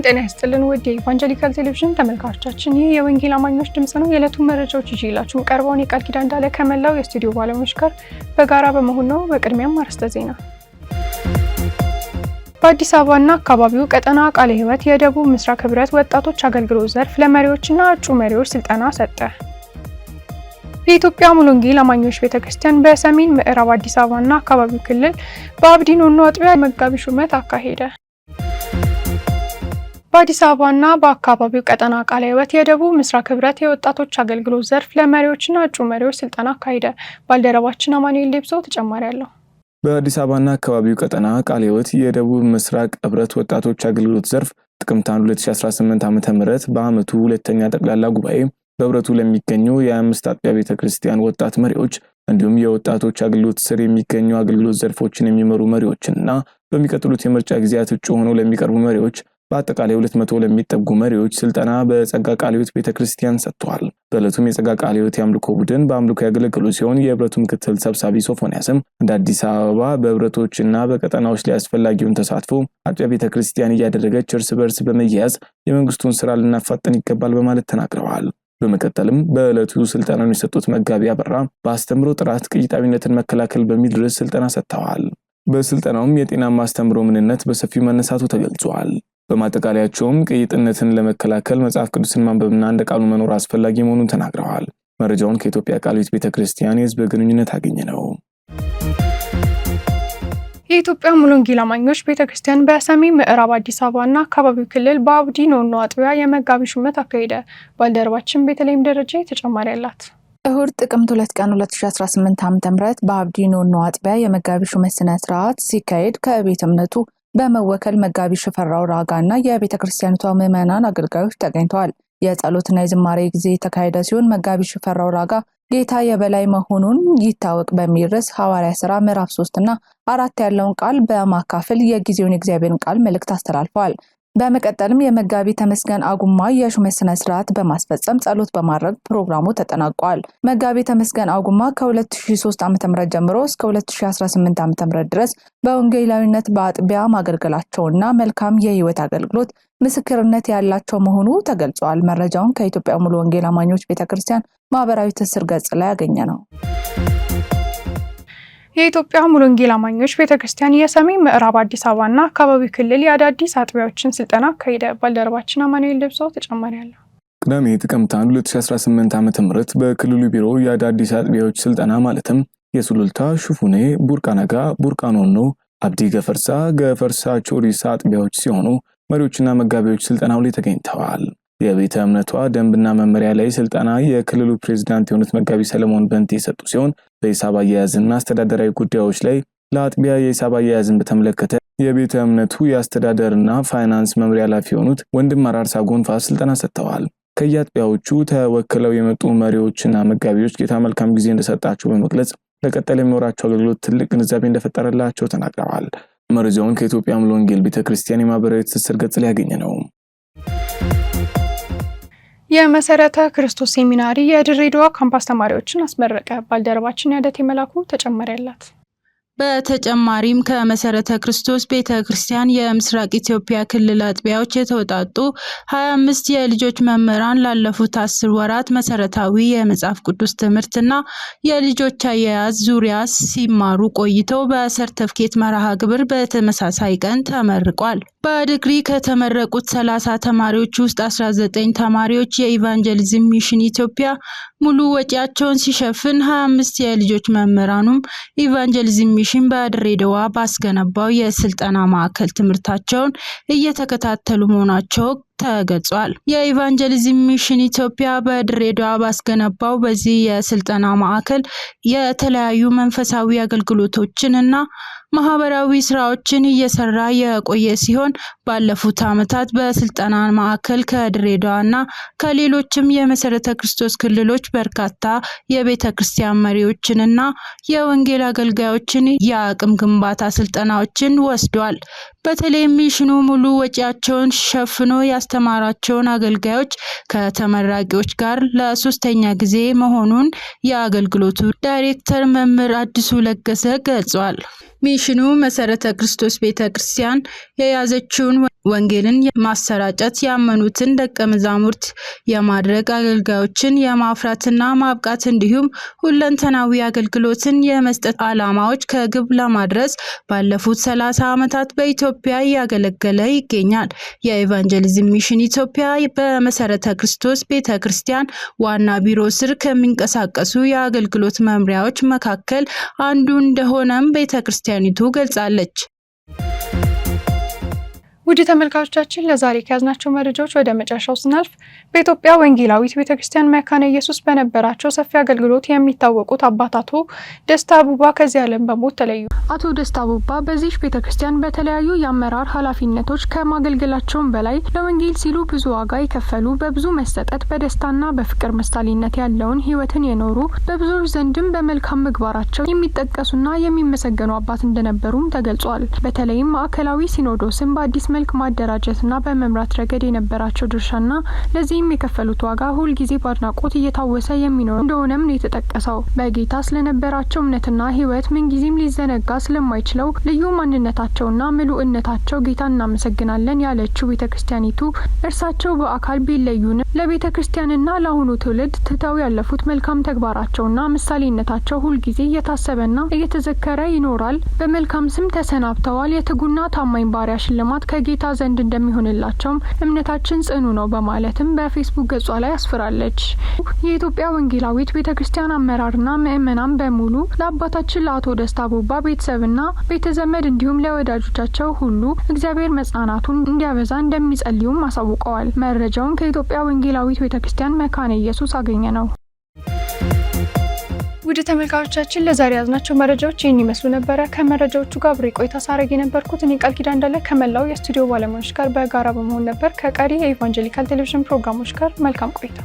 ሰላም ጤና ይስጥልን ውድ የኢቫንጀሊካል ቴሌቪዥን ተመልካቾቻችን፣ ይህ የወንጌል አማኞች ድምፅ ነው። የዕለቱን መረጃዎች ይዤ ቀርበውን የቃል ኪዳን እንዳለ ከመላው የስቱዲዮ ባለሙያዎች ጋር በጋራ በመሆን ነው። በቅድሚያም አርዕስተ ዜና። በአዲስ አበባና አካባቢው ቀጠና ቃለ ሕይወት የደቡብ ምስራቅ ህብረት ወጣቶች አገልግሎት ዘርፍ ለመሪዎችና እጩ መሪዎች ስልጠና ሰጠ። የኢትዮጵያ ሙሉ ወንጌል አማኞች ቤተክርስቲያን በሰሜን ምዕራብ አዲስ አበባና አካባቢው ክልል በአብዲኖኖ አጥቢያ መጋቢ ሹመት አካሄደ። በአዲስ አበባና በአካባቢው ቀጠና ቃለ ሕይወት የደቡብ ምስራቅ ህብረት የወጣቶች አገልግሎት ዘርፍ ለመሪዎችና እጩ መሪዎች ስልጠና አካሄደ። ባልደረባችን አማኑኤል ሌብሶ ተጨማሪ አለው። በአዲስ አበባና አካባቢው ቀጠና ቃለ ሕይወት የደቡብ ምስራቅ ህብረት ወጣቶች አገልግሎት ዘርፍ ጥቅምት 2018 ዓ ም በአመቱ ሁለተኛ ጠቅላላ ጉባኤ በህብረቱ ለሚገኙ የአምስት አጥቢያ ቤተ ክርስቲያን ወጣት መሪዎች እንዲሁም የወጣቶች አገልግሎት ስር የሚገኙ አገልግሎት ዘርፎችን የሚመሩ መሪዎችንና በሚቀጥሉት የምርጫ ጊዜያት እጩ ሆነው ለሚቀርቡ መሪዎች በአጠቃላይ ሁለት መቶ ለሚጠጉ መሪዎች ስልጠና በጸጋ ቃለ ሕይወት ቤተ ክርስቲያን ሰጥተዋል። በዕለቱም የጸጋ ቃለ ሕይወት የአምልኮ ቡድን በአምልኮ ያገለገሉ ሲሆን የህብረቱ ምክትል ሰብሳቢ ሶፎንያስም እንደ አዲስ አበባ በህብረቶች እና በቀጠናዎች ላይ አስፈላጊውን ተሳትፎ አጥቢያ ቤተ ክርስቲያን እያደረገች እርስ በርስ በመያያዝ የመንግስቱን ስራ ልናፋጠን ይገባል በማለት ተናግረዋል። በመቀጠልም በዕለቱ ስልጠናውን የሰጡት መጋቢ አበራ በአስተምሮ ጥራት ቅይጣዊነትን መከላከል በሚል ርዕስ ስልጠና ሰጥተዋል። በስልጠናውም የጤናማ አስተምሮ ምንነት በሰፊው መነሳቱ ተገልጿል። በማጠቃለያቸውም ቅይጥነትን ለመከላከል መጽሐፍ ቅዱስን ማንበብና እንደ ቃሉ መኖር አስፈላጊ መሆኑን ተናግረዋል። መረጃውን ከኢትዮጵያ ቃልቤት ቤተ ክርስቲያን የሕዝብ ግንኙነት አገኘ ነው። የኢትዮጵያ ሙሉ ወንጌል አማኞች ቤተ ክርስቲያን በሰሜን ምዕራብ አዲስ አበባና አካባቢው ክልል በአቡዲ ኖኖ አጥቢያ የመጋቢ ሹመት አካሄደ። ባልደረባችን በተለይም ደረጃ ተጨማሪ አላት። እሁድ ጥቅምት 2 ቀን 2018 ዓ ም በአብዲ ኖኖ አጥቢያ የመጋቢ ሹመት ስነ ስርዓት ሲካሄድ ከቤተ እምነቱ በመወከል መጋቢ ሽፈራው ራጋ እና የቤተ ክርስቲያኒቷ ምዕመናን አገልጋዮች ተገኝተዋል። የጸሎትና የዝማሬ ጊዜ የተካሄደ ሲሆን መጋቢ ሽፈራው ራጋ ጌታ የበላይ መሆኑን ይታወቅ በሚል ርዕስ ሐዋርያ ሥራ ምዕራፍ ሶስት እና አራት ያለውን ቃል በማካፈል የጊዜውን የእግዚአብሔርን ቃል መልእክት አስተላልፈዋል። በመቀጠልም የመጋቢ ተመስገን አጉማ የሹመት ስነ ስርዓት በማስፈጸም ጸሎት በማድረግ ፕሮግራሙ ተጠናቋል። መጋቢ ተመስገን አጉማ ከ2003 ዓ ም ጀምሮ እስከ 2018 ዓ ም ድረስ በወንጌላዊነት በአጥቢያ ማገልገላቸውና መልካም የህይወት አገልግሎት ምስክርነት ያላቸው መሆኑ ተገልጿል። መረጃውን ከኢትዮጵያ ሙሉ ወንጌል አማኞች ቤተክርስቲያን ማህበራዊ ትስስር ገጽ ላይ ያገኘ ነው። የኢትዮጵያ ሙሉ ወንጌል አማኞች ቤተክርስቲያን የሰሜን ምዕራብ አዲስ አበባና አካባቢው ክልል የአዳዲስ አጥቢያዎችን ስልጠና አካሄደ። ባልደረባችን አማኑኤል ልብሶ ተጨማሪ ያለው ቅዳሜ ጥቅምት 1 2018 ዓ ም በክልሉ ቢሮ የአዳዲስ አጥቢያዎች ስልጠና ማለትም የሱሉልታ፣ ሹፉኔ፣ ቡርቃነጋ፣ ቡርቃኖኖ፣ አብዲ ገፈርሳ፣ ገፈርሳ ቾሪሳ አጥቢያዎች ሲሆኑ መሪዎችና መጋቢዎች ስልጠናው ላይ ተገኝተዋል። የቤተ እምነቷ ደንብና መመሪያ ላይ ስልጠና የክልሉ ፕሬዚዳንት የሆኑት መጋቢ ሰለሞን በንቴ የሰጡ ሲሆን በሂሳብ አያያዝና አስተዳደራዊ ጉዳዮች ላይ ለአጥቢያ የሂሳብ አያያዝን በተመለከተ የቤተ እምነቱ የአስተዳደርና ፋይናንስ መምሪያ ኃላፊ የሆኑት ወንድም አራርሳ ጎንፋ ስልጠና ሰጥተዋል። ከየአጥቢያዎቹ ተወክለው የመጡ መሪዎችና መጋቢዎች ጌታ መልካም ጊዜ እንደሰጣቸው በመግለጽ ለቀጠል የሚኖራቸው አገልግሎት ትልቅ ግንዛቤ እንደፈጠረላቸው ተናግረዋል። መረጃውን ከኢትዮጵያ ሙሉ ወንጌል ቤተ ክርስቲያን የማህበራዊ ትስስር ገጽ ላይ ያገኘ ነው። የመሰረተ ክርስቶስ ሴሚናሪ የድሬዳዋ ካምፓስ ተማሪዎችን አስመረቀ። ባልደረባችን ያደት የመላኩ ተጨማሪ አላት። በተጨማሪም ከመሰረተ ክርስቶስ ቤተ ክርስቲያን የምስራቅ ኢትዮጵያ ክልል አጥቢያዎች የተውጣጡ 25 የልጆች መምህራን ላለፉት አስር ወራት መሰረታዊ የመጽሐፍ ቅዱስ ትምህርትና የልጆች አያያዝ ዙሪያ ሲማሩ ቆይተው በሰርተፍኬት መርሃ ግብር በተመሳሳይ ቀን ተመርቋል። በዲግሪ ከተመረቁት 30 ተማሪዎች ውስጥ 19 ተማሪዎች የኢቫንጀሊዝም ሚሽን ኢትዮጵያ ሙሉ ወጪያቸውን ሲሸፍን 25 የልጆች መምህራኑም ኢቫንጀሊዝም ፋውንዴሽን በድሬዳዋ ባስገነባው የስልጠና ማዕከል ትምህርታቸውን እየተከታተሉ መሆናቸው ተገልጿል። የኢቫንጀሊዝም ሚሽን ኢትዮጵያ በድሬዳዋ ባስገነባው በዚህ የስልጠና ማዕከል የተለያዩ መንፈሳዊ አገልግሎቶችን እና ማህበራዊ ስራዎችን እየሰራ የቆየ ሲሆን ባለፉት ዓመታት በስልጠና ማዕከል ከድሬዳዋ እና ከሌሎችም የመሰረተ ክርስቶስ ክልሎች በርካታ የቤተ ክርስቲያን መሪዎችን እና የወንጌል አገልጋዮችን የአቅም ግንባታ ስልጠናዎችን ወስዷል። በተለይም ሚሽኑ ሙሉ ወጪያቸውን ሸፍኖ ያስ ያስተማራቸውን አገልጋዮች ከተመራቂዎች ጋር ለሶስተኛ ጊዜ መሆኑን የአገልግሎቱ ዳይሬክተር መምህር አዲሱ ለገሰ ገልጿል። ሚሽኑ መሰረተ ክርስቶስ ቤተ ክርስቲያን የያዘችውን ወንጌልን ማሰራጨት ያመኑትን ደቀ መዛሙርት የማድረግ አገልጋዮችን የማፍራትና ማብቃት እንዲሁም ሁለንተናዊ አገልግሎትን የመስጠት ዓላማዎች ከግብ ለማድረስ ባለፉት 30 ዓመታት በኢትዮጵያ እያገለገለ ይገኛል። የኢቫንጀሊዝም ሚሽን ኢትዮጵያ በመሰረተ ክርስቶስ ቤተ ክርስቲያን ዋና ቢሮ ስር ከሚንቀሳቀሱ የአገልግሎት መምሪያዎች መካከል አንዱ እንደሆነም ቤተ ክርስቲያኒቱ ገልጻለች። ውድ ተመልካቾቻችን ለዛሬ ከያዝናቸው መረጃዎች ወደ መጨረሻው ስናልፍ በኢትዮጵያ ወንጌላዊት ቤተክርስቲያን መካነ ኢየሱስ በነበራቸው ሰፊ አገልግሎት የሚታወቁት አባት አቶ ደስታ አቡባ ከዚህ ዓለም በሞት ተለዩ። አቶ ደስታ አቡባ በዚህ ቤተክርስቲያን በተለያዩ የአመራር ኃላፊነቶች ከማገልገላቸውም በላይ ለወንጌል ሲሉ ብዙ ዋጋ የከፈሉ፣ በብዙ መሰጠት፣ በደስታና በፍቅር ምሳሌነት ያለውን ህይወትን የኖሩ በብዙዎች ዘንድም በመልካም ምግባራቸው የሚጠቀሱና የሚመሰገኑ አባት እንደነበሩም ተገልጿል። በተለይም ማዕከላዊ ሲኖዶስን በአዲስ መልክ ማደራጀትና በመምራት ረገድ የነበራቸው ድርሻና ለዚህም የከፈሉት ዋጋ ሁልጊዜ በአድናቆት እየታወሰ የሚኖር እንደሆነም ነው የተጠቀሰው። በጌታ ስለነበራቸው እምነትና ህይወት ምንጊዜም ሊዘነጋ ስለማይችለው ልዩ ማንነታቸውና ምሉእነታቸው ጌታ እናመሰግናለን ያለችው ቤተ ክርስቲያኒቱ እርሳቸው በአካል ቢለዩን ለቤተ ክርስቲያንና ለአሁኑ ትውልድ ትተው ያለፉት መልካም ተግባራቸውና ምሳሌነታቸው ሁልጊዜ እየታሰበና እየተዘከረ ይኖራል። በመልካም ስም ተሰናብተዋል። የትጉና ታማኝ ባሪያ ሽልማት ከ በጌታ ዘንድ እንደሚሆንላቸውም እምነታችን ጽኑ ነው በማለትም በፌስቡክ ገጿ ላይ አስፍራለች። የኢትዮጵያ ወንጌላዊት ቤተ ክርስቲያን አመራርና ምእመናን በሙሉ ለአባታችን ለአቶ ደስታ ቦባ ቤተሰብና ቤተ ዘመድ እንዲሁም ለወዳጆቻቸው ሁሉ እግዚአብሔር መጽናናቱን እንዲያበዛ እንደሚጸልዩም አሳውቀዋል። መረጃውን ከኢትዮጵያ ወንጌላዊት ቤተ ክርስቲያን መካነ ኢየሱስ አገኘ ነው። ውድ ተመልካቾቻችን ለዛሬ ያዝናቸው መረጃዎች ይህን ይመስሉ ነበረ። ከመረጃዎቹ ጋር አብሬ ቆይታ ሳረግ የነበርኩት እኔ ቃል ኪዳ እንዳለ ከመላው የስቱዲዮ ባለሙያዎች ጋር በጋራ በመሆን ነበር። ከቀሪ የኢቫንጀሊካል ቴሌቪዥን ፕሮግራሞች ጋር መልካም ቆይታ